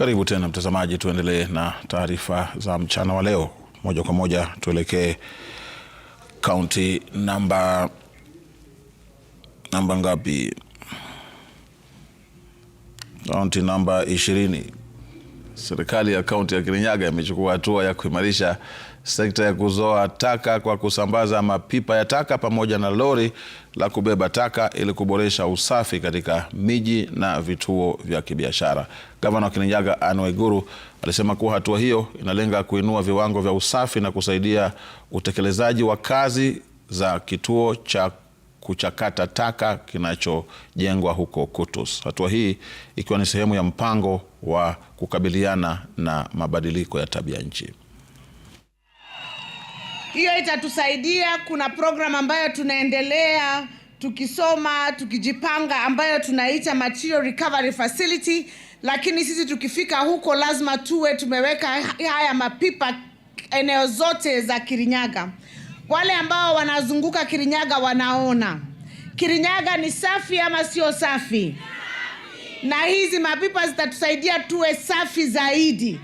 Karibu tena mtazamaji, tuendelee na taarifa za mchana wa leo. Moja kwa moja tuelekee kaunti namba namba ngapi? Kaunti namba ishirini. Serikali ya kaunti ya Kirinyaga imechukua hatua ya kuimarisha sekta ya kuzoa taka kwa kusambaza mapipa ya taka pamoja na lori la kubeba taka ili kuboresha usafi katika miji na vituo vya kibiashara. Gavana wa Kirinyaga Anne Waiguru alisema kuwa hatua hiyo inalenga kuinua viwango vya usafi na kusaidia utekelezaji wa kazi za kituo cha kuchakata taka kinachojengwa huko Kutus. Hatua hii ikiwa ni sehemu ya mpango wa kukabiliana na mabadiliko ya tabia nchi. Hiyo itatusaidia. Kuna programu ambayo tunaendelea tukisoma tukijipanga, ambayo tunaita Material Recovery Facility, lakini sisi tukifika huko lazima tuwe tumeweka haya mapipa eneo zote za Kirinyaga wale ambao wanazunguka Kirinyaga wanaona Kirinyaga ni safi ama sio safi? Na hizi mapipa zitatusaidia tuwe safi zaidi.